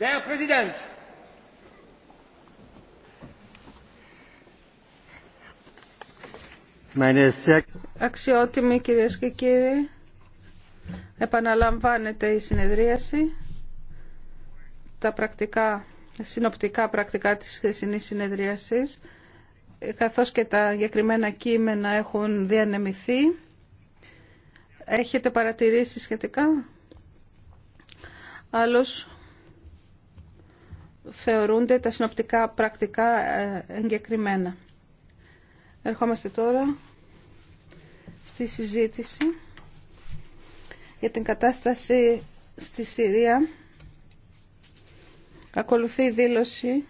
Der Präsident! Αξιότιμοι κυρίες και κύριοι, επαναλαμβάνεται η συνεδρίαση. Τα πρακτικά, συνοπτικά πρακτικά της χθεσινής συνεδρίασης, καθώς και τα εγκεκριμένα κείμενα έχουν διανεμηθεί. Έχετε παρατηρήσει σχετικά. Άλλος θεωρούνται τα συνοπτικά πρακτικά ε, εγκεκριμένα. Ερχόμαστε τώρα στη συζήτηση για την κατάσταση στη Συρία. Ακολουθεί η δήλωση